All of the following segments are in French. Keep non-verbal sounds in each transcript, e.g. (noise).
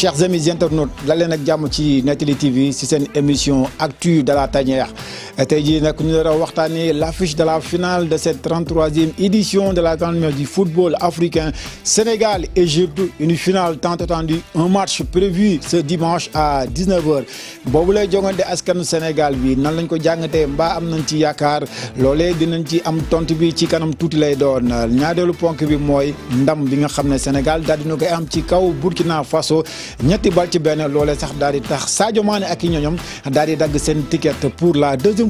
chers amis internautes la leen ak TV c'est une émission actuelle de la tanière ñu dara l'affiche de la finale de cette 33e édition de la grande du football africain Sénégal Égypte une finale tant attendue un match prévu ce dimanche à 19h boobu lay jongante askanu Sénégal bi nan lañ ko jàngatee mbaa am nañ ci yaakaar loolee dinañ ci am tontu bi ci kanam tuuti lay doon ponk bi ndam bi nga xam Sénégal daal dina am ci kaw Burkina Faso ñetti bal ci benn loolee sax daal di tax ak di ticket pour la deuxième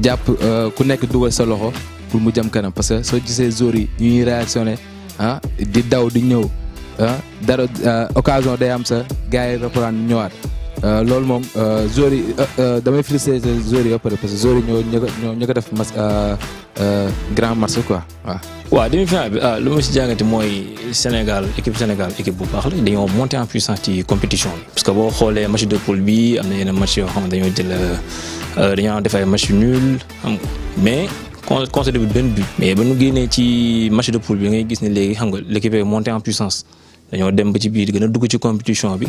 japp eh, ku nekk dugal sa loxo pour mu jam kanam parce que soo gisee jour yi ñuy réactionné ha, ah di daw di ñëw ah ha, dara eh, occasion day am sa gars yi reprendre ñëwaat Euh, loolu moom euh, Zori euh, damay félicité Zori ba pare parce que Zori ñoo ñoo ñoo def mas grand match quoi waaw. waaw demi final bi ah lu ma si jàngate mooy Sénégal équipe Sénégal équipe bu baax la dañoo monter en puissance ci compétition bi. parce que boo xoolee match de poule bi am na yeneen match yoo xam ne dañoo jël dañoo def ay match nul xam nga mais. concédé bu benn but mais ba ñu génnee ci match de poule bi ngay gis ne léegi xam nga l'équipe est montée en puissance dañoo dem ba ci biir gën a dugg ci compétition bi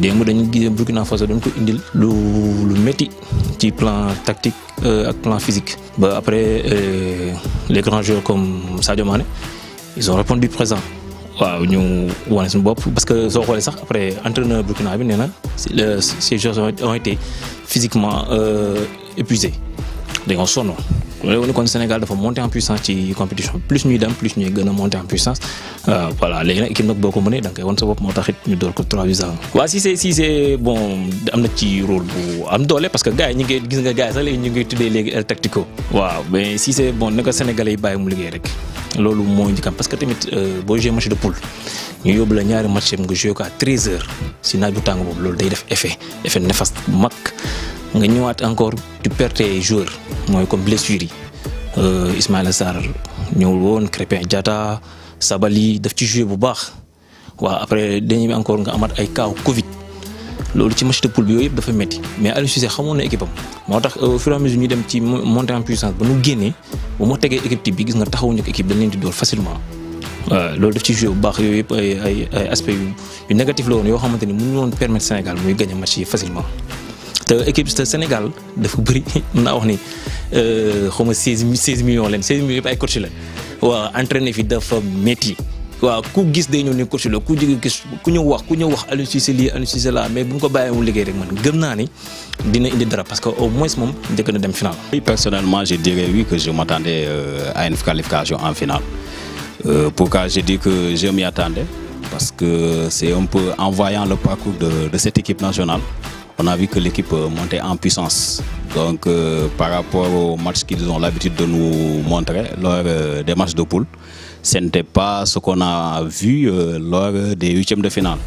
démb dañu gis Burkina Faso dañ ko indil lu lu métti ci plan tactique euh, ak plan physique. ba après euh, les grands joueurs comme Sadio Mané ils ont répondu présent waaw ñu wane suñu bopp parce que soo xoolee sax après entraîneur Burkina bi nee na ces joueurs ont été physiquement euh, épuisés dañoo sonn loolu la kon Sénégal dafa monter en puissance ci compétition plus ñuy dem plus ñuy gëna a monter en puissance euh voilà léegi nag équipe nag boo ko mënee da nga koy sa bopp moo tax ñu door ko 3 bis wa si c'est si c'est bon am na ci rôle bu am doole parce que gars yi ñu ngi gis nga gars yi sax léegi ñu ngi tuddee légui El Tactico. wa mais si c'est bon na Sénégalais yi bàyyi mu liggéey rek lolu moo ñu kam parce que tamit euh bo joué match de poule ñu yob la ñaari match nga jouer ko à 13 h si naaj bu tàng boobu loolu day def effet effet néfaste mak nga ñëwaat encore tu perte joueur mooy comme blessure yi euh, Ismaïla Sarr ñëwul woon Crépin Diatta Sabali daf ci joué bu baax waaw après dañuy encore nga amaat ay kaaw Covid loolu ci match de poule bi yooyu yëpp dafa métti mais Aliou Cissé xamoon na équipe am moo tax euh, au fur et à mesure ñu dem ci monter en puissance ba nu génnee ba mu tegee équipe type bi gis nga taxawuñu ko équipe dañ leen di dóor facilement. waaw loolu daf ci joué bu baax yooyu yëpp ay ay ay aspects yu yu négatif la woon yoo xamante ni ñu woon permettre Sénégal muy gagner match yi facilement te équipe te Sénégal dafa bëri mën (laughs) naa wax ni euh, xaw ma 16 seize millions lañ 16 millions yëpp ay coach la waaw entraîné fi dafa métti. waaw ku gis day ñëw ni coach la ku jóge gis ku ñëw wax ku ñëw wax Aliou Cissé lii Aliou Cissé laa mais bu ñu ko bàyyee mu liggéey rek man gëm naa ni dina indi dara parce que au moins moom njëkk na dem final. oui personnellement je dirais oui que je m'attendais euh, à une qualification en finale euh, pourquoi je dis que je m'y attendais parce que c'est un peu en voyant le parcours de de cette équipe nationale on a vu que l'équipe euh, montait en puissance. Donc, euh, par rapport aux matchs qu'ils ont l'habitude de nous montrer lors euh, des matchs de poule, ce n'était pas ce qu'on a vu lors des huitièmes de finale.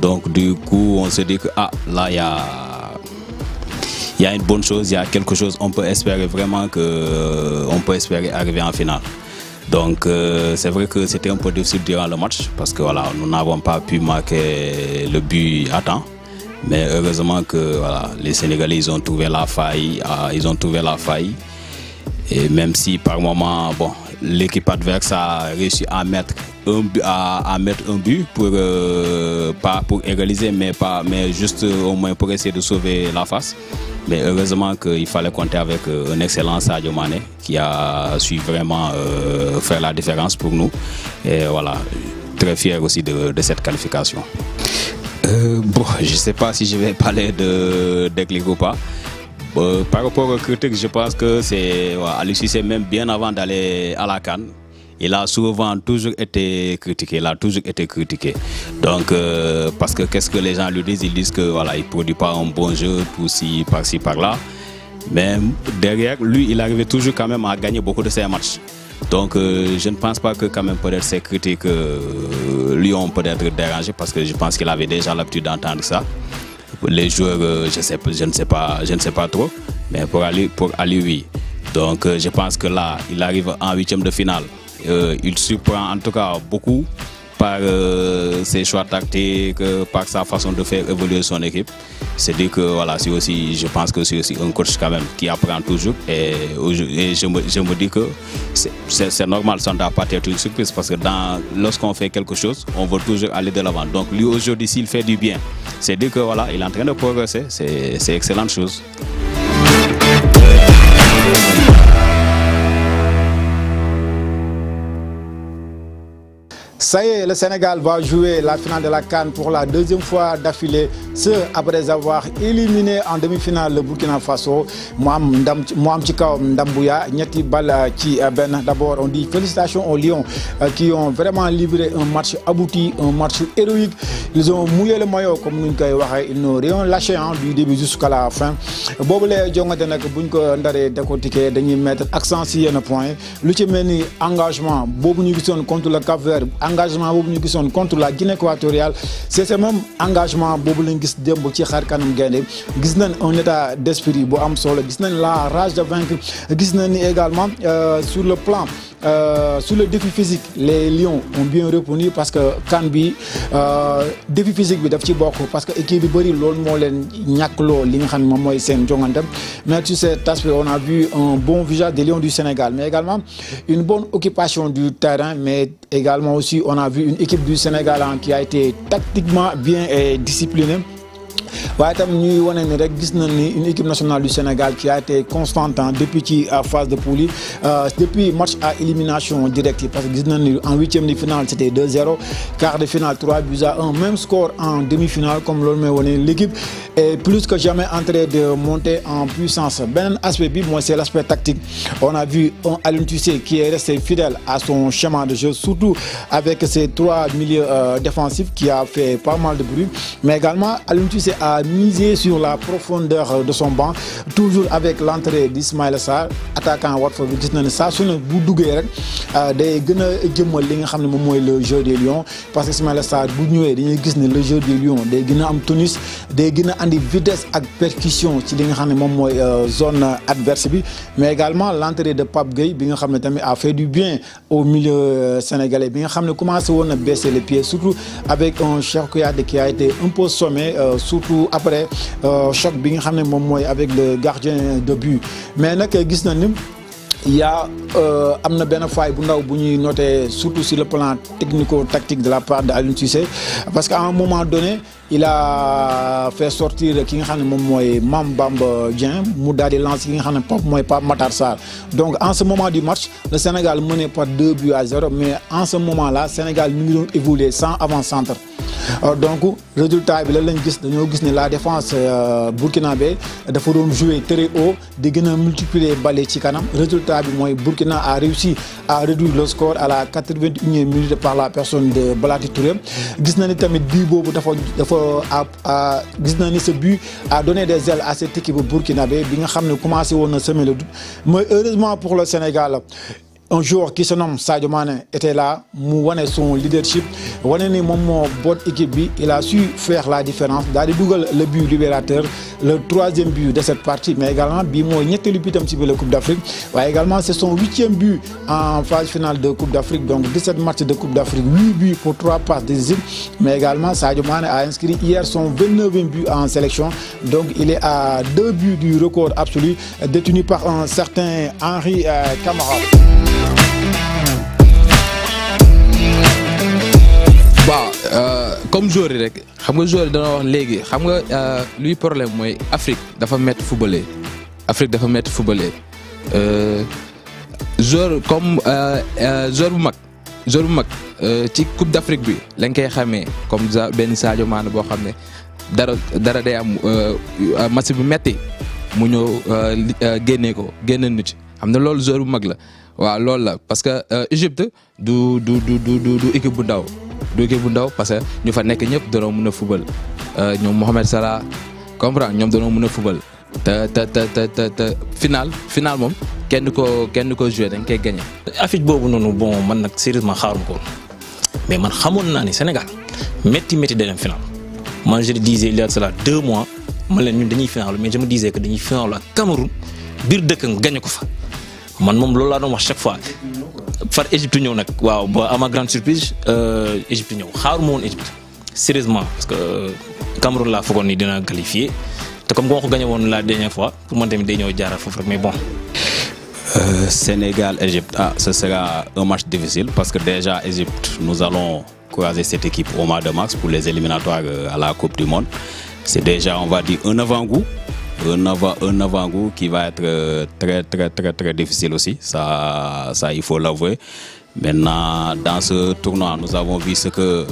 Donc, du coup, on se dit que ah, là, il y a, y a une bonne chose, il y a quelque chose. On peut espérer vraiment que on peut espérer arriver en finale. Donc c'est vrai que c'était un peu difficile durant le match parce que voilà, nous n'avons pas pu marquer le but à temps. Mais heureusement que les Sénégalais, ont trouvé la faille. Ah, ils ont trouvé la faille. Et même si par moment, l'équipe adverse a réussi à mettre un, à, mettre un but euh, pour, égaliser, mais, pas, mais juste euh, au moins pour essayer de sauver la face. Mais heureusement qu'il fallait compter avec euh, un excellent Sadio Mané qui a su vraiment faire la différence pour nous. Et voilà, très fier aussi de cette qualification. Euh, bon, (laughs) je ne sais pas si je vais parler de, de ou pas. Euh, par rapport aux critiques, je pense que c'est Alexis, c'est même bien avant d'aller à la Cannes. Il a souvent toujours été critiqué, il a toujours été critiqué. Donc, euh, parce que qu'est-ce que les gens lui disent Ils disent que voilà, il produit pas un bon jeu, pour ci, par-ci, par-là. Mais derrière, lui, il arrivait toujours quand même à gagner beaucoup de ses matchs. Donc euh, je ne pense pas que quand même peut-être ces critiques euh, lui ont peut-être dérangé parce que je pense qu'il avait déjà l'habitude d'entendre ça. Les joueurs, euh, je, je, ne sais pas, je ne sais pas trop, mais pour aller, pour aller oui. Donc je pense que là, il arrive en huitième de finale. il surprend en tout cas beaucoup par ses choix tactiques, par sa façon de faire évoluer son équipe. C'est dire que voilà, aussi, je pense que c'est aussi un coach quand même qui apprend toujours. Et, je, me, dis que c'est normal, ça ne doit pas être une surprise parce que lorsqu'on fait quelque chose, on veut toujours aller de l'avant. Donc lui aujourd'hui, s'il fait du bien, c'est dire que voilà, il est en train de progresser. C'est excellente chose. Ça y est, le Sénégal va jouer la finale de la Cannes pour la deuxième fois d'affilée, ce après avoir éliminé en demi-finale le Burkina Faso. Mouam Chikao Ndambouya, Nyeti Bal Ben. D'abord, on dit félicitations aux Lions euh, qui ont vraiment livré un match abouti, un match héroïque. Ils ont mouillé le maillot, comme nous Ils n'ont rien lâché hein, du début jusqu'à la fin. Bobolé, Djongate Nak Bunko Ndare Dakotike, Denis mettre accent sur un point. L'outil engagement, Bobo contre le Cap-Vert, engagement bobu ñu gisoon contre la Guinée équatoriale C'est même engagement bobu lañu giss démb ci xar kanam gaynde giss nañ un état d'esprit bu am solo giss nañ la rage de vaincre giss nañ également également euh, sur le plan euh, sur le défi physique les Lions ont bien répondu parce que le euh, défi physique bi daf ci parce que l'équipe bi mais sur cet aspect on a vu un bon visage des Lions du Sénégal mais également une bonne occupation du terrain mais également aussi on a vu une équipe du Sénégal hein, qui a été tactiquement bien disciplinée waaye itam ñuy une équipe nationale du Sénégal qui a été constante hein, depuis la euh, phase de poule Depuis depuis match à élimination directe parce que en huitième de finale c'était 2-0 quart de finale 3 buts à 1 même score en demi-finale comme l'on le met. est plus que jamais en train de monter en puissance ben aspect bi c'est l'aspect tactique on a vu Alun Tussé qui est resté fidèle à son chemin de jeu surtout avec ses trois milieux euh, défensifs qui a fait pas mal de bruit mais également Alun Tussé a misé sur la profondeur de son banc toujours avec l'entrée d'Ismaël Sarr attaquant Watford bi sa na ne saa su rek euh, day gën a jëmmal le jeu des Lyon. parce que Ismaïla Sarr bu ñëwee dañuy gis le jeu de Lyon. day gën a am des day gën des andi vitesse et percussion ci li euh, zone adverse mais également l'entrée de Pape Gueye a fait du bien au milieu euh, sénégalais bi nga a baissé commencé à baisser les pieds surtout avec un cher qui a été un peu sommé sous surtout après euh, choc bi nga xam ne avec le gardien de but mais nag gis na ni a euh, am na benn faille bu ndaw bu ñuy noté surtout sur le plan technico-tactique de la part de Aliou parce qu'à un moment donné il a fait sortir ki nga xam ne moom mooy Bamba Dieng mu daal lancer donc en ce moment du match le Sénégal menait pas deux buts à zéro mais en ce moment là le Sénégal mi pas sans avant-centre euh, donc résultat bi lan la défense euh, burkinabé dafa doon jouer très haut il a multiplier les ci Le résultat bi mooy Burkina a réussi à réduire le score à la 81 e minute par la personne de Balati Touré gis na ni tamit bii boobu dafa dafa a ce but a donné des ailes à cette équipe burkinabé bi nga commencé à semer le doute mais heureusement pour le Sénégal un joueur qui se nomme Sadio Mane était là mu et son leadership ni il a su faire la différence Dans le but libérateur le troisième but de cette partie mais également bii un ñetteelu bitam ci peu la Coupe d'Afrique également c'est son huitième but en phase finale de Coupe d'Afrique donc 17 matchs de Coupe d'Afrique 8 buts pour 3 passes décisives mais également Sadio Mane a inscrit hier son 29e but en sélection donc il est à deux buts du record absolu détenu par un certain Henri euh, Camara waaw euh, comme joueur yi rek xam nga joueur yi dana wax léegi xam nga euh, luy problème mooy Afrique dafa métti footballeur Afrique dafa metti métti footballeur joueur comme euh, joueur bu mag joueur bu mag ci Coupe d'Afrique bi lañ koy xamee comme benn Sadio Mané boo xam ne dara dara day am match bu metti mu ñëw génnee ko génne nu ci xam ne loolu joueur bu mag la. wa lol la parce que euh, Égypte du du du du du équipe bu ndaw du équipe bu ndaw parce que ñu fa nekk ñëpp danoo mëna football euh ñom Mohamed Salah comprendre ñoom danoo mëna football, ta ta ta ta ta finale final final moom kenn ko kenn ko jouer dañ kay gagner affiche bobu nonu bon man nak sérieusement xaru ko mais man xamone na ni Sénégal metti metti de dem final man je disais il y a cela deux mois man leen ñun dañuy final mais je me disais que dañuy final la Cameroun bir deuk nga gagné ko fa man mom loolu la doon chaque fois. far Égypte ñëw nak waaw à ma grande surprise euh, Égypte ñëw xaaruma woon Égypte sérieusement parce que euh, Cameroun la ni dina qualifié te comme ko ko gagné la dernière fois pour man tamit day ñëw jaara fofu mais bon. Euh, Sénégal-Égypte, ah, ce sera un match difficile parce que déjà Égypte, nous allons croiser cette équipe au mois de mars pour les éliminatoires à la Coupe du Monde. C'est déjà, on va dire, un avant-goût un avant un avant-goût qui va être euh, très très très très difficile aussi. Ça ça il faut l'avouer. Maintenant dans ce tournoi nous avons vu ce que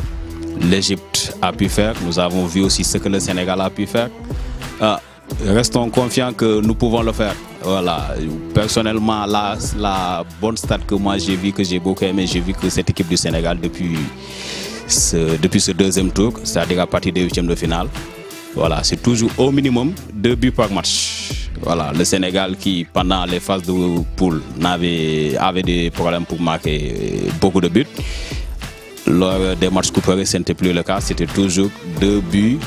l'Égypte a pu faire. Nous avons vu aussi ce que le Sénégal a pu faire. Ah, restons confiants que nous pouvons le faire. Voilà. Personnellement, la, la bonne stat que moi j'ai vu, que j'ai beaucoup aimé, j'ai vu que cette équipe du Sénégal depuis ce, depuis ce deuxième tour, c'est-à-dire à partir des huitièmes de finale, voilà, c'est toujours au minimum deux buts par match. Voilà, le Sénégal qui, pendant les phases de poule, avait, avait des problèmes pour marquer beaucoup de buts. Lors des matchs couperés, ce n'était plus le cas. C'était toujours deux buts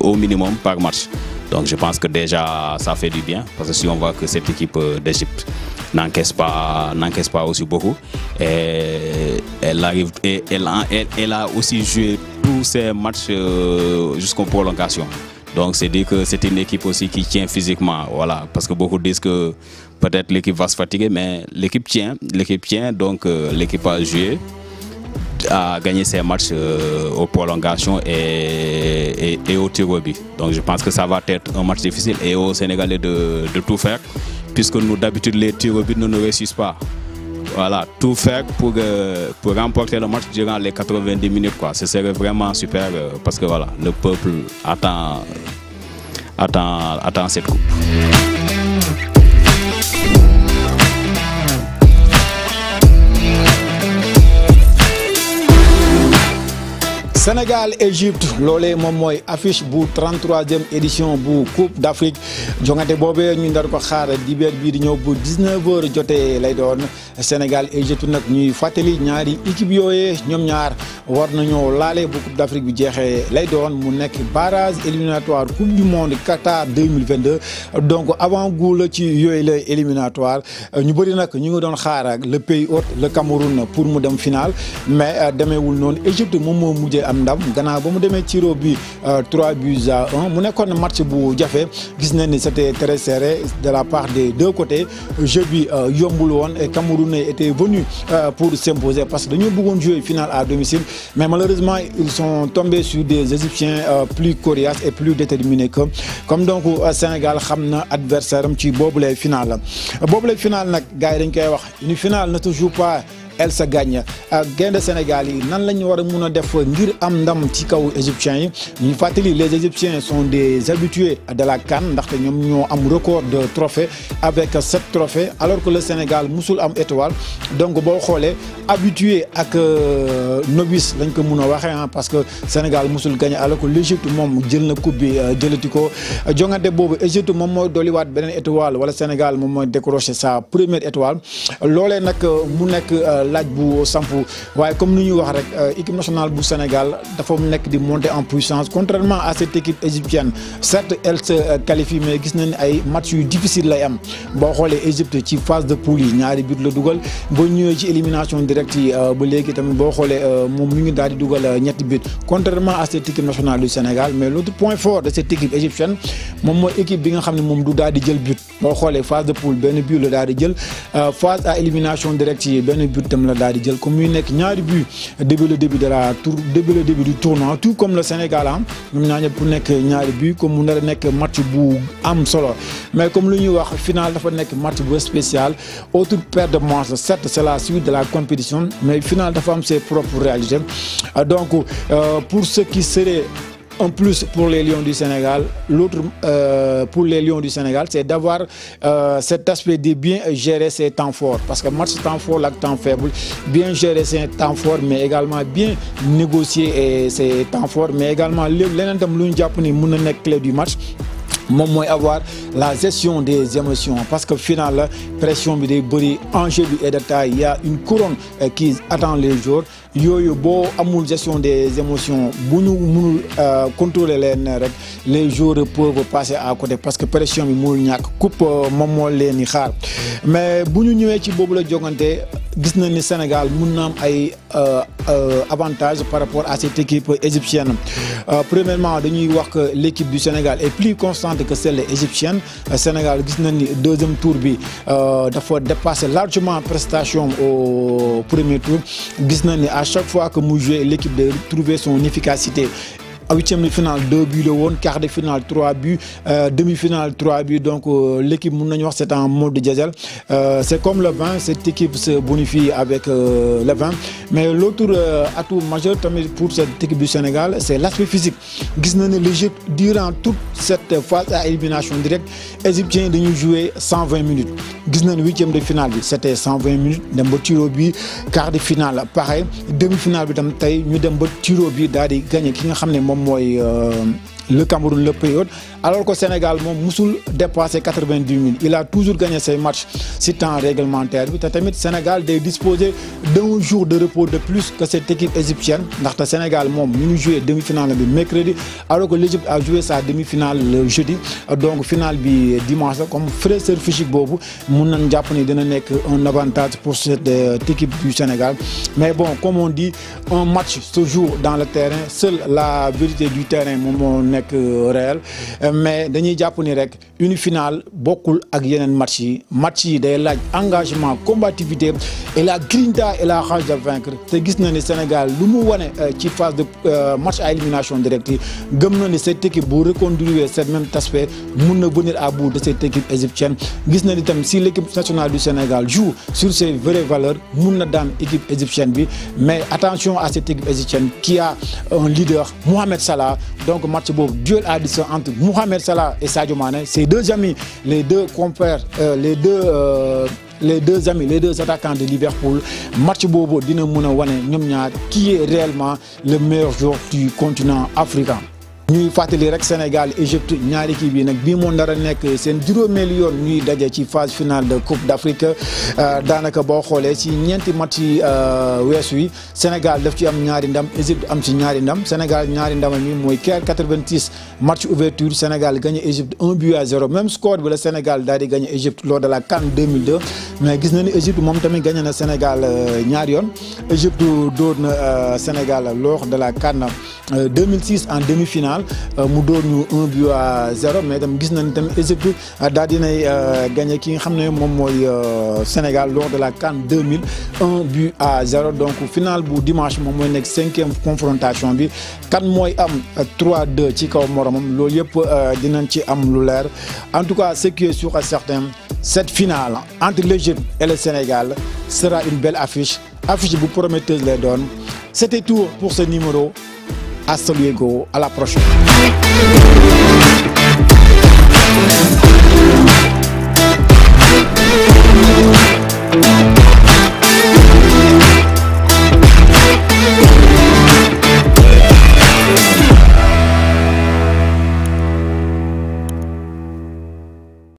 au minimum par match. Donc je pense que déjà, ça fait du bien. Parce que si on voit que cette équipe euh, d'Égypte n'encaisse pas, n'encaisse pas aussi beaucoup, et elle, arrive, et elle, elle, elle a aussi joué ces matchs euh, jusqu'en prolongation. Donc c'est dit que c'est une équipe aussi qui tient physiquement, voilà, parce que beaucoup disent que peut-être l'équipe va se fatiguer, mais l'équipe tient, l'équipe tient, donc euh, l'équipe a joué, a gagné ses matchs euh, aux prolongations et, au tir Donc je pense que ça va être un match difficile et aux Sénégalais de, tout faire, puisque nous d'habitude les tirs au ne nous réussissent pas voilà, tout faire pour, pour remporter le match durant les 90 minutes. Quoi. Ce serait vraiment super euh, parce que voilà, le peuple attend, attend, attend cette coupe. Sénégal Égypte l'olé moom affiche bu 33e édition bu Coupe d'Afrique Jongate Bobé, ñu ndar ko xaar dibeer bii di bu 19h jotee lay doon Sénégal Égypte nag ñuy fàttali ñaari équipe yooyee ñoom ñaar war nañoo laale bu Coupe d'Afrique bi jeexee lay doon mu nekk barrage éliminatoire Coupe du monde Qatar 2022 donc avant-goût tu ci yooyu la éliminatoire ñu bëri nag ñu ngi doon le pays hôte le Cameroun pour mu dem final. mais euh, demeewul non, Égypte moom moo mujjee am on ndam gannaaw bu mu demee ci au bi 3 euh, buts à 1 mu nekkoon match bu jafé gis né ni c'était très serré de la part des deux côtés jeu bi euh, yombul won et Camerounais était venu euh, pour s'imposer parce que dañu bëggone jouer finale à domicile mais malheureusement ils sont tombés sur des Égyptiens plus coriaces et plus déterminés que comme donc au Sénégal xamna na adversaire am ci boobule finale boobule finale nak gars yi dañ koy wax une finale n'est toujours pas Elsa Gagne ah, gaynde Sénégal yi nan la ñu war a mun a def ngir am ndam ci kaw égyptiens yi ñu fàttali les égyptiens sont des habitués de la CAN ndaxte ñoom ñoo am record de trophée avec sept trophées alors que le Sénégal musul am étoile donc boo xoolee habitué ak euh, novice lañ ko mun a hein, parce que Sénégal musul gagné alors que l' Égypte moom jël na coupe bi euh, jëlati ko jongante boobu Égypte moom mooy dolliwaat beneen étoile wala Sénégal moom mooy décroché sa première étoile L'olé, nag euh, mu nekk laaj bu sampu waaye comme nous ñuy wax rek euh, équipe nationale bu Sénégal dafa nekk di monter en puissance contrairement à cette équipe égyptienne certes elle se qualifie mais gis nañ ay match yu difficile lay am boo xoolee Égypte ci phase de poule yi ñaari but la dugal ba ñëwee ci élimination directe yi euh, ba léegi tamit boo xoolee euh, moom mi ngi daal di dugal ñetti but contrairement à cette équipe nationale du Sénégal mais l'autre point fort de cette équipe égyptienne moom mooy équipe bi nga xam ne moom du daal di jël but boo xoolee phase de poule benn but la daal jël phase à élimination directe yi benn but itam la daal di jël comme muy nekk ñaari but début le début de la tour début le début du tournoi tout comme le Sénégal am ah. ñoom ñaar ñëpp ku nekk ñaari but comme mu nar nekk match bu am solo mais comme lu ñuy wax final dafa nekk match bu spécial autre paire de manches certes c'est la suite de la compétition mais final dafa am ses propres réalités ah, donc euh, pour ceux qui seraient en plus pour les Lions du Sénégal, l'autre euh, pour les Lions du Sénégal, c'est d'avoir euh, cet aspect de bien gérer ses temps forts. Parce que match temps fort, là, temps faible, bien gérer ses temps forts, mais également bien négocier euh, ses temps forts, mais également les clé du match. moom d'avoir avoir la gestion des émotions parce que final la pression est bruit, enjeu il y a une couronne qui attend les jours a une amul gestion des émotions Si nous mënul euh, contrôler nerfs rek les jours peuvent passer à côté parce que pression est très forte coupe euh, xaar mais si nous sommes ci train la jogante gis Sénégal a na am ay euh, avantage par rapport à cette équipe égyptienne premièrement dañuy wax que l'équipe du Sénégal est plus constante que celle égyptienne Sénégal gis nañ ni deuxième tour bi dafa dépasser largement prestation au premier tour gis nañ ni chaque fois que vous jouez, l'équipe de trouver son efficacité huitième de finale 2 buts le one, quart de finale 3 buts euh, demi-finale 3 buts donc euh, l'équipe mun c'est en mode de diesel euh, c'est comme le vin cette équipe se bonifie avec le 20, mais l'autre atout majeur pour cette équipe du Sénégal c'est l'aspect physique gis et l'Égypte durant toute cette phase à élimination directe égyptiens nous jouer 120 minutes gis 8 huitième de finale c'était 120 minutes, minutes beau tir au but, quart de finale pareil demi-finale nous avons un ñu dem ba gagner moj le Cameroun le période alors que Sénégal Moussoul musul 90 000 il a toujours gagné ses matchs c'est un réglementaire bi Sénégal de disposer d'un jour de repos de plus que cette équipe égyptienne le Sénégal a ñu jouer demi-finale le mercredi alors que l'Égypte a joué sa demi-finale le jeudi donc finale dimanche comme fraîcheur physique Bobu, mon japonais donne un avantage pour cette euh, équipe du Sénégal mais bon comme on dit un match se joue dans le terrain seule la vérité du terrain euh, réel mais dañuy Japonais, ni une finale beaucoup ak yenen match yi match yi day engagement combativité et la grinta et la rage de vaincre te gis na ni Sénégal lu mu euh, ci phase de euh, match à élimination directe Comme gëm na cette équipe bu reconduire cette même aspect nous na venir à bout de cette équipe égyptienne gis na ni si l'équipe nationale du Sénégal joue sur ses vraies valeurs mun na équipe égyptienne mais attention à cette équipe égyptienne qui a un leader Mohamed Salah donc match beaucoup au duel à entre Mohamed Salah et Sadio Mane. Ses deux amis, les deux compères, euh, euh, les deux... amis, les deux attaquants de Liverpool, match bobo dina Wane, qui est réellement le meilleur joueur du continent africain ñuy fàttali rek Sénégal Égypte ñaari équipe bi nak bi mo dara nek nekk seen juróomeelu yoon ñuy daje ci phase finale de Coupe d'Afrique euh, danaka bo xolé si ñenti match euh weesu Sénégal daf ci am ñaari ndam Égypte am ci ñaari ndam Sénégal ñaari ndam mi moy Caire 86 match ouverture Sénégal gagné Égypte 1 but à 0 même score bi le Sénégal daal di gagné Égypte lors de la CAN 2002 mais gis na Égypte mom tamit gagné na Sénégal euh, ñaar yoon Égypte dóor euh, Sénégal lors de la CAN 2006 en demi-finale nous euh, mu 1 but à 0 mais nous gis nañ tam Égypte euh, daal dina euh, gagné ki nga Sénégal lors de la CAN 2000 1 but à 0 donc finale bu dimanche moy la 5 e confrontation bi kan moy am 3-2 ci kaw moromam lool dinañ ci am lu leer en tout cas ce qui est sûr et certain cette finale entre l'Egypte et le Sénégal sera une belle affiche affiche bu prometteuse les donne c'était tout pour ce numéro a Soliego. A la próxima.